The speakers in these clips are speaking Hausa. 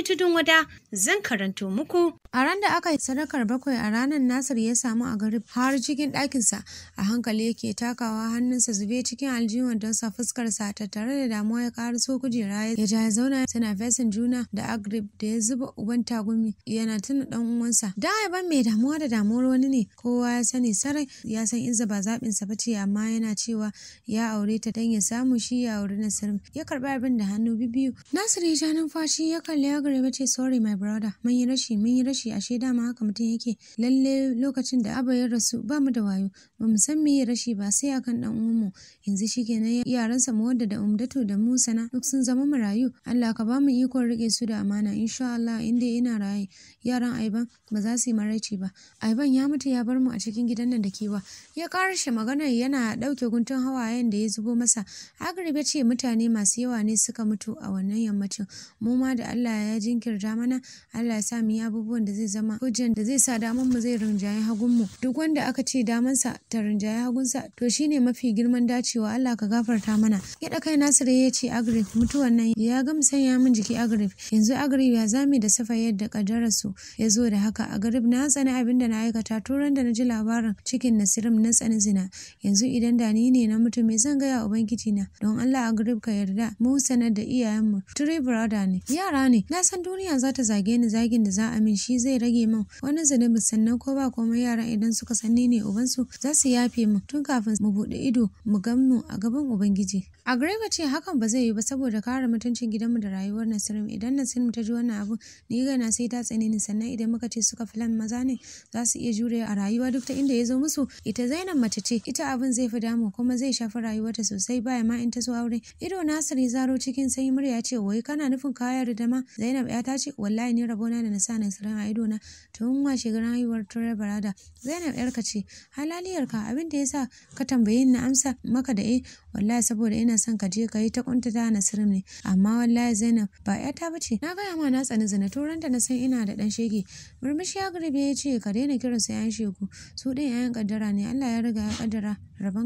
吃中我的。zan karanto muku. A ran da aka yi sadakar bakwai a ranar Nasir ya samu a garib har cikin ɗakinsa a hankali yake takawa hannunsa zube cikin aljihun don sa ta tare da damuwa ya so kujera ya ja ya zauna suna fesin juna da agrib da ya zuba uban tagumi yana tuna ɗan uwansa. Da ban mai damuwa da damuwar wani ne kowa ya sani sarai ya san inza ba zaɓinsa ba ce amma yana cewa ya aure ta don ya samu shi ya aure Nasir ya karɓi abin da hannu bibiyu. Nasir ya ja numfashi ya kalli agrib ya ce sorry my brother mun yi rashi mun yi rashi ashe dama haka mutum yake lalle lokacin da abu ya rasu ba mu da wayo ba mu san yi rashi ba sai akan dan uwanmu yanzu shikenan yaransa mu wadda da umdatu da musana duk sun zama marayu Allah ka ba mu ikon rike su da amana insha Allah inda ina raye yaran Aiban ba za su yi maraici ba Aiban ya mutu ya bar mu a cikin gidan nan da kewa ya karshe maganar yana dauke guntun hawayen da ya zubo masa Agrib ce mutane masu yawa ne suka mutu a wannan yammacin mu ma da Allah ya jinkirta mana Allah ya sa mu yi abubuwan da zai zama hujjan da zai sa damar mu zai rinjaye hagun mu duk wanda aka ce sa ta rinjaye sa, to shine mafi girman dacewa Allah ka gafarta mana ya kai Nasir ya ce Agrif mutuwan nan ya sanya min jiki Agrif yanzu Agrif ya zame da safa yadda kadararsu ya zo da haka Agrif na tsani abin da na aikata turan da na ji labarin cikin Nasirim na tsani zina yanzu idan da ni ne na mutum me zan gaya ubangiji na don Allah Agrif ka yarda mu sanar da iyayenmu three brother ne yara ne na san duniya za ta zagi zage ni zagin da za a min shi zai rage min wani zunubi sannan ko ba komai yaran idan suka san ni ne ubansu za su yafe mu tun kafin mu bude ido mu gamnu a gaban ubangiji. A Agrega ce hakan ba zai yi ba saboda kare mutuncin gidanmu da rayuwar Nasirim idan nasirin ta ji wannan abu ni gana sai ta tsane ni sannan idan muka ce suka filan maza ne za su iya jure a rayuwa duk ta inda ya zo musu ita Zainab mace ce ita abin zai fi damu kuma zai shafi rayuwarta sosai baya ma in ta zo aure ido Nasir zaro cikin sanyi murya ce wai kana nufin kayar da ma Zainab ya ta ce wallahi wallahi ni rabona da na sa Nasirin a idona tun washegarin haihuwar turar barada. Zainab yarka ce halaliyarka abin da ya sa ka tambaye ni na amsa maka da eh wallahi saboda ina son ka je ka yi ta kuntata Nasirim ne amma wallahi Zainab ba ta bace na gaya ma na tsani zina turanta na san ina da dan shege murmushi ya garbe ya ce ka daina kiran su yayan shegu su din yayan kaddara ne Allah ya riga ya kaddara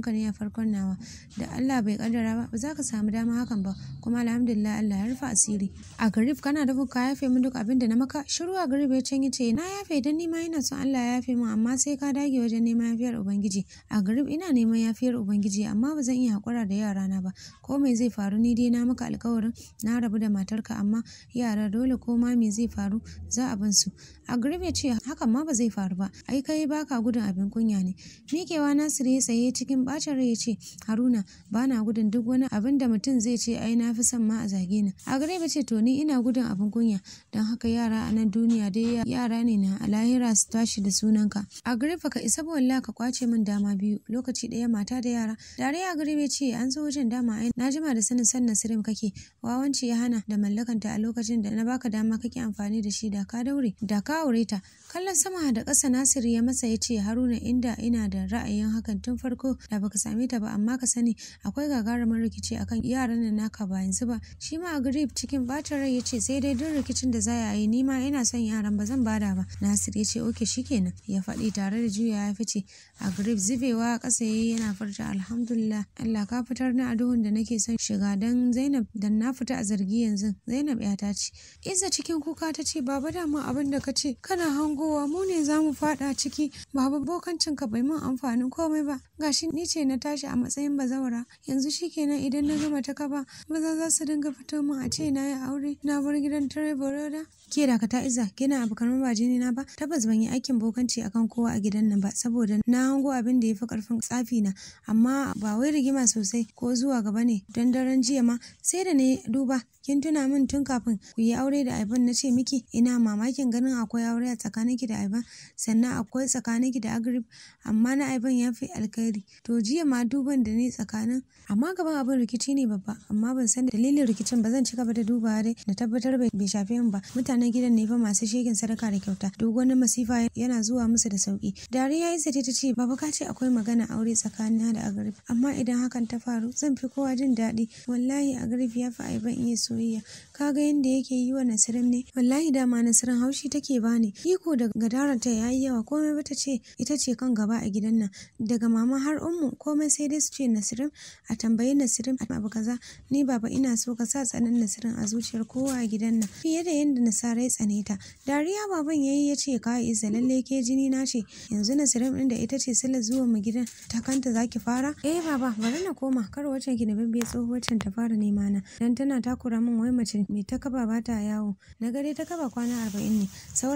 ka ne ya farkon nawa da Allah bai kaddara ba ba za ka samu dama hakan ba kuma alhamdulillah Allah ya rufa asiri a garib kana da ka yafe min duk abin da na maka shiru a garib ya can ce. na yafe dan nima ina son Allah ya yafe min amma sai ka dage wajen neman yafiyar ubangiji a garib ina neman yafiyar ubangiji amma ba zan iya hakura shawara da yarana ba. Ko me zai faru ni dai na maka alkawarin na rabu da matarka amma yara dole ko ma me zai faru za a ban su. Agrib ya ce hakan ma ba zai faru ba. Ai kai baka gudun abin kunya ne. Mikewa Nasiru ya saye cikin bacin rai ya ce Haruna bana gudun duk wani abin da mutum zai ce ai na fi son ma a zage ni. Agrib ya ce to ni ina gudun abin kunya don haka yara a nan duniya dai yara ne na lahira su tashi da sunanka. Agrib ka isa wallahi ka kwace min dama biyu lokaci ɗaya mata da yara. Dare Agrib ya ce an zo wajen dama ai na jima da sanin san Nasirim kake wawanci ya hana da mallakanta a lokacin da na baka dama kake amfani da shi da ka daure da ka ta kallon sama da ƙasa nasiru ya masa ya ce haruna inda ina da ra'ayin hakan tun farko da baka same ta ba amma ka sani akwai gagarumin rikici akan yaran nan naka ba yanzu ba shi ma agrib cikin bacin rai ya ce sai dai duk rikicin da za a yi ni ma ina son yaran ba zan bada ba nasir ya ce oke kenan ya faɗi tare da juya ya fice agrib zubewa ƙasa yayi yana furta alhamdulillah Allah ka fitar ni a duhun da nake son shiga dan Zainab dan na fita a zargi yanzu Zainab ya ta ce iza cikin kuka ta ce baba da mu abin da ka ce ce kana hangowa mu ne za mu faɗa ciki baba bokancin ka bai mun amfanin komai ba gashi ni ce na tashi a matsayin bazawara yanzu shi shikenan idan na gama ta kaba maza za su dinga fito min a ce na yi aure na bar gidan tare da ke da ka ta iza kina abu kamar ba jini na ba tabbas ban yi aikin bokanci akan kowa a gidan nan ba saboda na hango abin da ya fi karfin tsafi na amma ba wai rigima sosai ko zuwa gaba ne don daren jiya ma sai da na duba kin tuna min tun kafin ku yi aure da abin na ce miki ina mamakin ganin akwai akwai aure a tsakaninki da Ivan sannan akwai ki da Agrib amma na Ivan ya fi alkhairi to jiya ma duban da ni tsakanin amma gaban abin rikici ne babba amma ban san dalilin rikicin ba zan ci gaba da duba dai na tabbatar bai shafe min ba mutanen gidan ne fa masu shegin sadaka da kyauta duk wani masifa yana zuwa musu da sauki dariya Isa ta ce baba ka ce akwai magana aure tsakanin da Agrib amma idan hakan ta faru zan fi kowa jin daɗi wallahi Agrib ya fi Ivan iya soyayya kaga yadda yake yi wa Nasirin ne wallahi dama Nasirin haushi take ba gaba ne iko da gadarata ya yi yawa komai ta ce ita ce kan gaba a gidan nan daga mama har ummu komai sai dai su ce nasirin a tambayi nasirin abu kaza ni baba ina so ka sa tsanan nasirin a zuciyar kowa a gidan nan fiye da yadda nasara ya tsane ta dariya baban yayi ya ce ka isa lalle ke jini na ce yanzu nasirin din da ita ce sila zuwa mu gidan ta kanta zaki fara eh baba bari na koma kar wacce ki da bibbe wacce ta fara nema na dan tana takura min wai mace mai ta kaba bata yawo na gare ta kaba kwana arba'in ne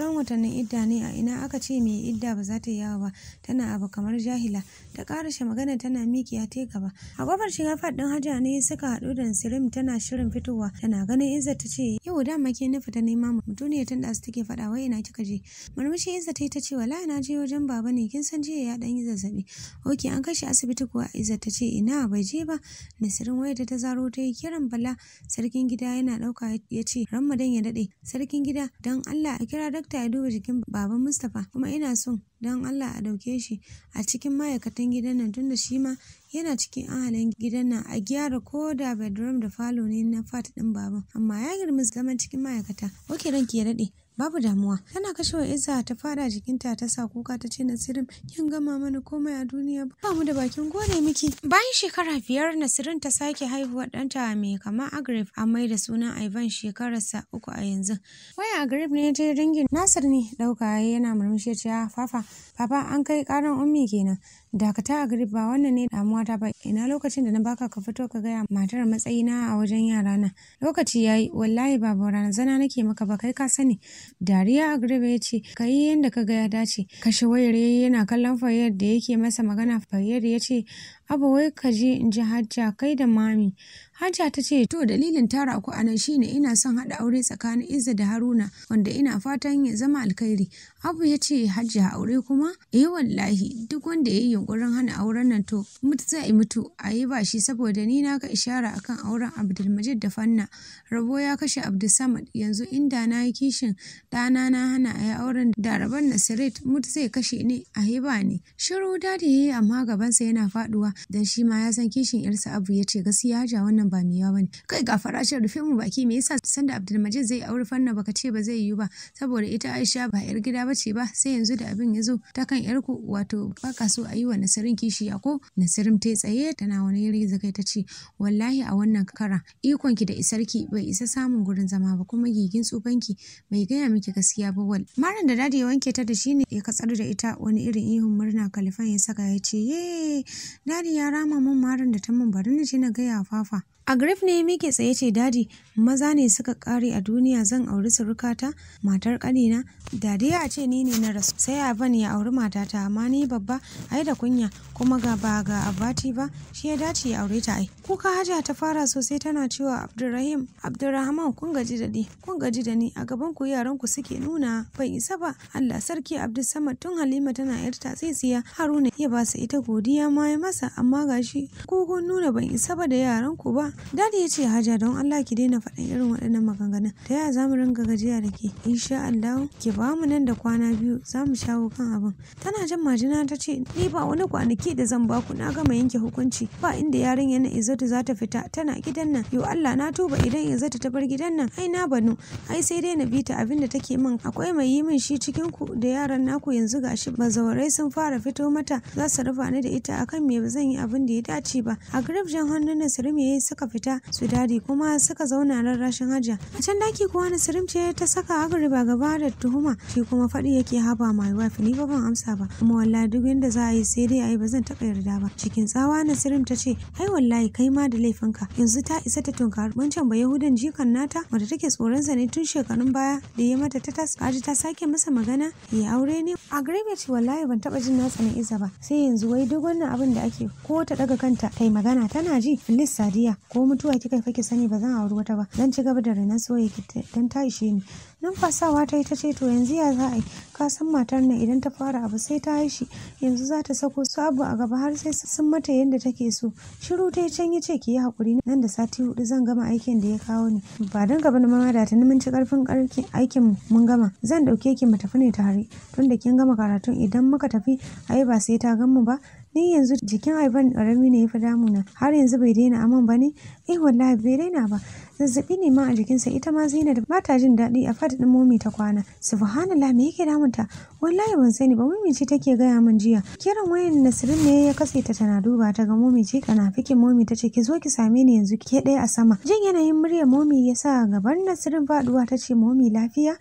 sauran watannin idda ne a ina aka ce mai idda ba za ta yi yawa ba tana abu kamar jahila ta karashe magana tana mikiya ta gaba a kofar shiga faɗin haja ne suka haɗu da sirim tana shirin fitowa tana ganin izza ta ce yau dama ke nufi ta nema mutuniyar tunda su take faɗa wai ina kika je murmushi izza ta yi ce wala na je wajen baba ne kin san jiya ya ɗan yi zazzaɓi oke an kashe asibiti kuwa izza ta ce ina bai je ba nasirin wai ta zaro ta yi kiran bala sarkin gida yana ɗauka ya ce ramadan ya daɗe sarkin gida don allah a kira dakta dokta ya duba jikin baban mustapha kuma ina so don allah a dauke shi a cikin ma'aikatan gidan nan tunda shi ma yana cikin ahalin gidan nan a gyara ko da bedroom da falo ne na fat din baban amma ya girma zaman cikin ma'aikata oke ranki ya daɗe babu damuwa tana wa izza ta faɗa jikinta ta sa kuka ta ce nasirin kin gama mana komai a duniya ba mu da bakin gode miki bayan shekara biyar nasirin ta sake haihuwar ɗanta mai kama agrib a mai da sunan ivan shekararsa uku a yanzu waya agrib ne ta ringin nasir ne ɗauka yana murmushi ya ah, fafa papa an kai karan ummi kenan dakata Agriba wannan ne damuwa ta ba ina lokacin da na baka ka fito ka gaya matar matsayina a wajen yara na lokaci yayi wallahi baba rana zana nake maka ba kai ka sani Dariya Agriba ya ce yi yanda ka ga ya dace kashe wayar yana kallon fayyar da yake masa magana fayyar ya ce abu wai ka je in ji Hajja kai da Mami. Hajja ta ce to dalilin tara ku anan shine ina son haɗa aure tsakanin Izza da Haruna wanda ina fatan ya zama alkhairi. Abu ya ce Hajja aure kuma? Eh wallahi duk wanda ya yi yunkurin hana auren nan to mutu zai mutu a yi ba shi saboda ni na ga ishara akan auren Abdulmajid da Fanna. Rabo ya kashe Abdulsamad yanzu inda na yi kishin ɗana na hana a yi auren da raban Nasirat mutu zai kashe ni a heba ne. Shiru dadi ya yi amma gabansa yana faɗuwa dan shi ma ya san kishin yarsa abu ya ce gaskiya haja wannan ba miya bane kai ga farashin rufe mu baki me yasa sanda Abdulmajid zai aure fanna baka ce ba zai yi ba saboda ita Aisha ba yar gida bace ba sai yanzu da abin yazo zo ta kan yarku wato ba ka so a yi wa Nasirin kishiya ko Nasirin ta tsaye tana wani riza kai ta ce wallahi a wannan kara ikon ki da isarki bai isa samun gurin zama ba kuma gigin tsufanki bai gaya miki gaskiya ba wal maran da dadi ya wanke ta da shine ya katsar da ita wani irin ihun murna kalifan ya saka ya ce ye dadi Dadi ya rama min marin da ta mun bari na je na gaya fafa. A grif ne ya tsaye ce dadi maza ne suka kare a duniya zan auri surukata matar kanina dadi ya ce ni ne na rasu sai aban ya auri matata amma ni babba ai da kunya kuma ga ba ga abati ba shi ya dace ya aure ta ai kuka haja ta fara sosai tana cewa abdurrahim abdurrahman kun gaji da ni kun gaji da ni a gaban ku yaran ku suke nuna bai isa ba Allah sarki abdul samad. tun halima tana yar ta haruna ya ba su ita godiya ma masa amma gashi ko kun nuna ban isa ba da yaran ku ba. Dadi ya ce hajja don Allah ki daina faɗan irin waɗannan maganganun. Ta yaya za mu ringa gajiya da ke? Insha Allah ki ba mu nan da kwana biyu za mu shawo kan abin. Tana jan majina ta ce ni ba wani kwanaki da zan ba ku. na gama yanke hukunci ba inda yaran yana Izzatu za ta fita tana gidan nan. Yo Allah na tuba idan Izzatu ta bar gidan nan ai na banu ai sai dai na bi ta abin da take min akwai mai yi min shi cikin ku da yaran naku yanzu gashi bazawarai sun fara fito mata za su rufa ni da ita akan me ba zan yi abin da ya dace ba a jan hannun nasirim ya suka fita su dadi kuma suka zauna ran rashin hajiya a can daki kuwa nasirim ce ta saka agriba gaba da tuhuma shi kuma faɗi yake haba my wife ni ba ban amsa ba kuma wallahi duk yanda za a yi sai dai a yi ba zan taɓa yarda ba cikin tsawa nasirim ta ce ai wallahi kai ma da laifin ka yanzu ta isa ta tunkari wancan ba yahudan jikan nata wanda take tsoron sa ne tun shekarun baya da ya mata ta kaji ta sake masa magana ya aure ne a ce wallahi ban taɓa jin na tsanin iza ba sai yanzu wai duk wannan abin da ake ko ta daga kanta ta yi magana tana ji Filis Sadiya ko mutuwa kika fa ki sani ba zan auri wata ba dan ci gaba da renon soyayya dan ta ishe ni numfasawa ta yi ta ce to yanzu ya za a yi ka san matar nan idan ta fara abu sai ta yi shi yanzu za ta sako su abu a gaba har sai sun mata yadda take so shiru ta yi can yi ce ki yi hakuri nan da sati hudu zan gama aikin da ya kawo ni ba dan gaba na mama da ta mun ci karfin karki aikin mun gama zan dauke ki mu tafi ne tare tunda kin gama karatun idan muka tafi ai ba sai ta gan mu ba ni yanzu jikin haifan ƙarami ne ya fi damu damuna har yanzu bai daina aman ba ne eh wallahi bai daina ba zazzabi ne ma a jikinsa ita ma zina ba ta jin daɗi a fadin momi ta kwana subhanallah me yake damunta wallahi ban sani ba momi ce take gaya min jiya kiran wayan Nasirin ne ya katse ta tana duba ta ga momi ce kana fikin momi ta ce ki zo ki same ni yanzu ke ɗaya a sama jin yanayin muryar momi ya sa gaban Nasirin faɗuwa ta ce momi lafiya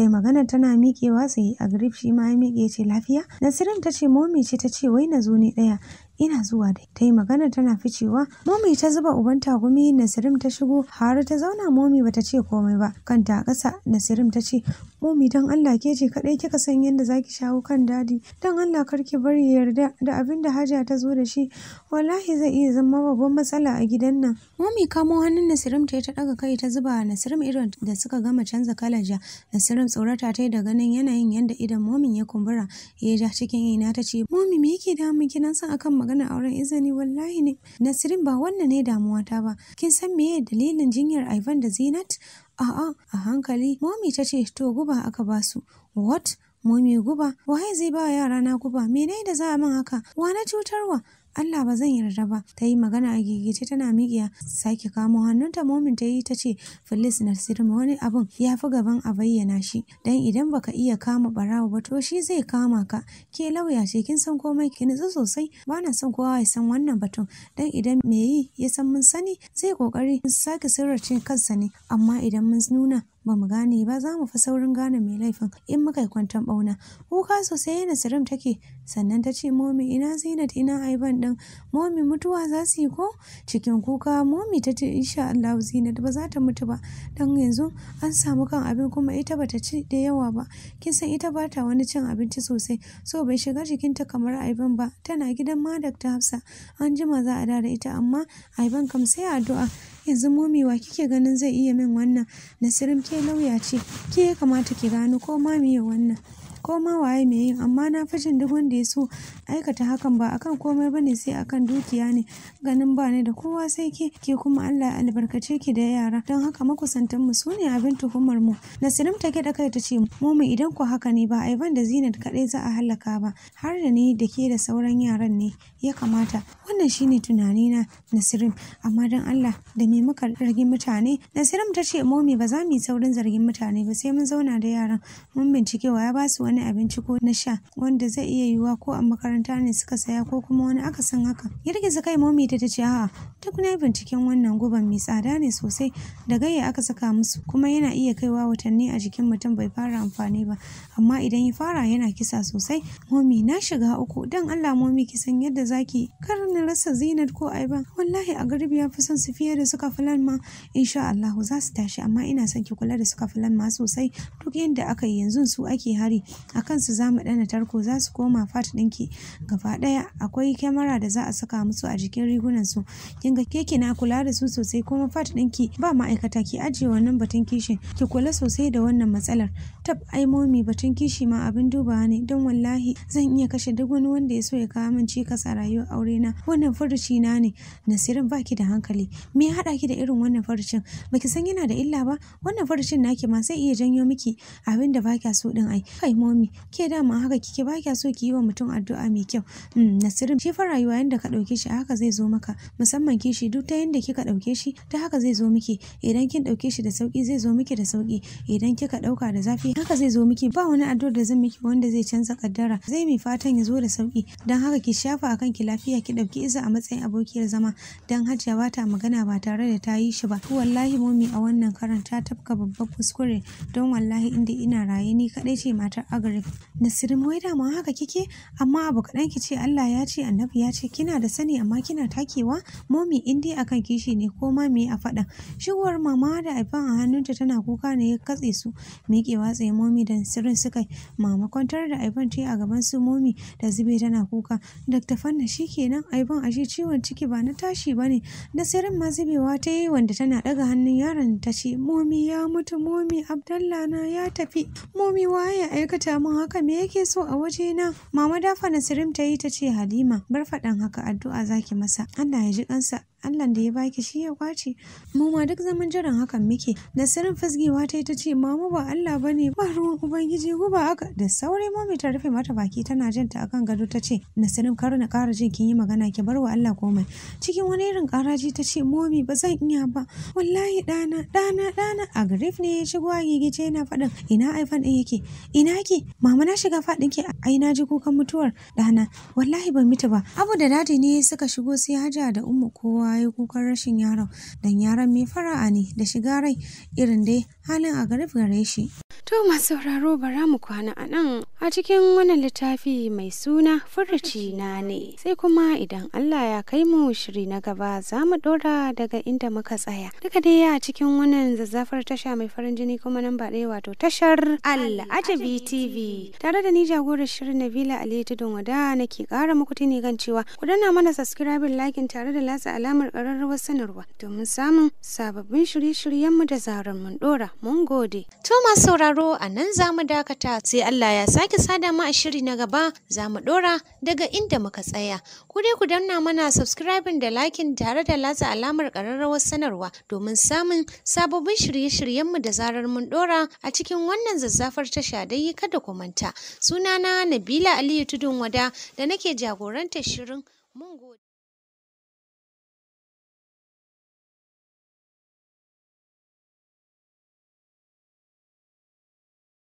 kai magana maganar tana miƙewa tsaye. Agrib shi ma ya miƙe ce, Lafiya? Nasirin ta ce, Momi ce ta ce wai na zo ni ɗaya. ina zuwa da ta yi magana tana ficewa momi ta zuba uban tagumi nasirim ta shigo har ta zauna momi bata ce komai ba kanta a ƙasa nasirim ta ce momi don allah ke ce kaɗai kika san yadda zaki shawo kan dadi don allah kar ki bari yarda da abin da hajiya ta zo da shi wallahi zai iya zama babban matsala a gidan nan momi kamo hannun nasirim ta ta ɗaga kai ta zuba nasirim irin da suka gama canza kalar ja nasirim tsorata ta yi da ganin yanayin yadda idan momin ya kumbura ya ja cikin ina ta ce momi me yake damun ki san akan magana. magana auren izini wallahi ne Nasirin ba wannan ne damuwata ba kin san meye dalilin jinyar Ivan da Zinat a'a a hankali momi ta ce to guba aka basu what momi guba wahai zai ba yara na guba mene da za a min haka wa na cutarwa Allah ba zan yarda ba ta yi magana a gigice tana miƙiya sake kamo hannunta momin ta yi ta ce Felis na wani abun ya fi gaban a bayyana shi dan idan baka iya kama barawo ba to shi zai kama ka ke lauya ce kin san komai ki nutsu sosai ba na son kowa ya san wannan batun dan idan me yi ya san mun sani zai kokari sake sirrace kansa ne amma idan mun nuna ba mu gane ba za mu fi saurin gane mai laifin in muka yi kwanton bauna kuka sosai yana sirim take sannan ta ce momi ina zinat ina aiban ɗin momi mutuwa za su yi ko cikin kuka momi ta ce insha Allah zinat ba za ta mutu ba don yanzu an samu kan abin kuma ita ba ta ci da yawa ba kin san ita ba ta wani cin abinci sosai so bai shiga jikinta kamar aiban ba tana gidan ma ta hafsa an jima za a da ita amma aiban kam sai addu'a Yanzu momi wa kike ganin zai iya min wannan? nasirin ke lauya ce, ke ya kamata ki gano ko ma wannan. ko ma waye mai yin amma na fashin duk wanda ya so aikata hakan ba akan komai ne sai akan dukiya ne ganin ba ne da kowa sai ke ke kuma Allah albarkace ki da yara don haka makusantan mu sune abin tuhumar mu Nasirim ta da kai ta ce mu idan ku haka ne ba Ivan da Zinat kadai za a halaka ba har da ni da ke da sauran yaran ne ya kamata wannan shine tunani na Nasirim amma don Allah da me muka rage mutane Nasirim ta ce momi ba za mu yi saurin zargin mutane ba sai mun zauna da yaran mun bincike wa ya ba su wani abinci ko na sha wanda zai iya yiwuwa ko a makaranta ne suka saya ko kuma wani akasin haka girgiza kai momi ta tace a'a duk na binciken wannan guban mai tsada ne sosai da gayya aka saka musu kuma yana iya kaiwa watanni a jikin mutum bai fara amfani ba amma idan ya fara yana kisa sosai momi na shiga uku dan Allah momi ki san yadda zaki kar na rasa zinat ko aiban wallahi a garbi ya fi son su fiye da suka filan ma insha Allah za su tashi amma ina son ki kula da suka filan ma sosai duk yadda aka yi yanzu su ake hari a kansu za mu ɗana tarko za su koma fat ɗinki gaba ɗaya akwai kyamara da za a saka musu a jikin rigunan su kin ga keke na kula da su sosai kuma fat ɗinki ba ma'aikata ki ajiye wannan batun kishin ki kula sosai da wannan matsalar tab ai momi batun kishi ma abin duba ne don wallahi zan iya kashe duk wani wanda ya so ya kawo min cikas a rayuwar aure na wannan furuci na ne nasirin baki da hankali me ya haɗa ki da irin wannan furucin baki san yana da illa ba wannan furucin naki ma sai iya janyo miki abin da baki so din ai kai momi ke dama haka kike baki so ki yi wa mutum addu'a mai kyau hmm, nasirin shi fa rayuwa yanda ka dauke shi haka zai zo maka musamman kishi duk ta yanda kika dauke shi ta haka zai zo miki idan kin dauke shi da sauki zai zo miki da sauki idan kika dauka da zafi haka zai zo miki ba wani addu'ar da zan miki wanda zai canza kaddara zai mi fatan ya zo da sauki don haka ki shafa akan ki lafiya ki ɗauki iza a matsayin abokiyar zama don hajiya ba ta magana ba tare da ta yi shi ba wallahi momi a wannan karan ta tafka babban kuskure don wallahi inda ina raye ni kadai ce matar agrif nasiri mai da haka kike amma abu kaɗan ki ce Allah ya ce annabi ya ce kina da sani amma kina takewa momi in dai akan kishi ne ko ma me a faɗa shigowar mama da aifan a hannunta tana kuka ne ya katse su miƙewa matsayin momi da sirrin suka yi mama kwantar da aibon ce a gaban su momi da zube tana kuka dr fanna shi kenan aibon shi ciwon ciki ba na tashi ba ne sirrin ma zubewa ta yi wanda tana daga hannun yaron ta ce momi ya mutu momi abdallah na ya tafi momi waye aikata mun haka me yake so a waje na mama dafa nasirin ta yi ta ce halima bar faɗan haka addu'a zaki masa allah ya ji kansa Allah da ya baki shi ya kwace mu ma duk zaman jiran hakan muke Nasirin fasgewa ta ita ce mama ba Allah ba ne. ba ruwan ubangiji guba aka da saure mami ta rufe mata baki tana jin ta akan gado ta ce Nasirin kar na kara jin kin yi magana ki bar wa Allah komai cikin wani irin karaji ta ce momi ba zan iya ba wallahi ɗana ɗana ɗana a garif ne ya shigo a gigice yana faɗin ina aifan din yake ina ki mama na shiga faɗin ki ai na ji kukan mutuwar dana wallahi ban mita ba abu da dadi ne suka shigo sai haja da ummu kowa kowa kukan rashin yaron, don yaron mai fara'a ne da shiga rai irin dai halin a gare shi. To masu sauraro bara mu kwana a nan a cikin wannan littafi mai suna furuci na ne. Sai kuma idan Allah ya kai mu shiri na gaba za mu dora daga inda muka tsaya. Duka dai a cikin wannan zazzafar tasha mai farin jini kuma nan ba ɗaya wato tashar Al'ajabi TV. Tare da ni jagorar shirin Nabila Ali Tudun Wada nake ƙara muku tuni kan cewa ku danna mana subscribing lakin tare da latsa alamar ƙararrawar sanarwa domin samun sababbin shirye-shiryenmu da zarar mun dora. Mun gode. To masu sauraro sauraro a nan za mu dakata sai Allah ya sake sada mu a shiri na gaba za mu ɗora daga inda muka tsaya. Ku dai ku danna mana subscribing da lakin tare da latsa alamar ƙararrawar sanarwa domin samun sababbin shirye-shiryenmu da zarar mun ɗora a cikin wannan zazzafar tasha yi kada ku manta. Sunana Nabila Aliyu Tudun Wada da nake jagorantar shirin mun gode.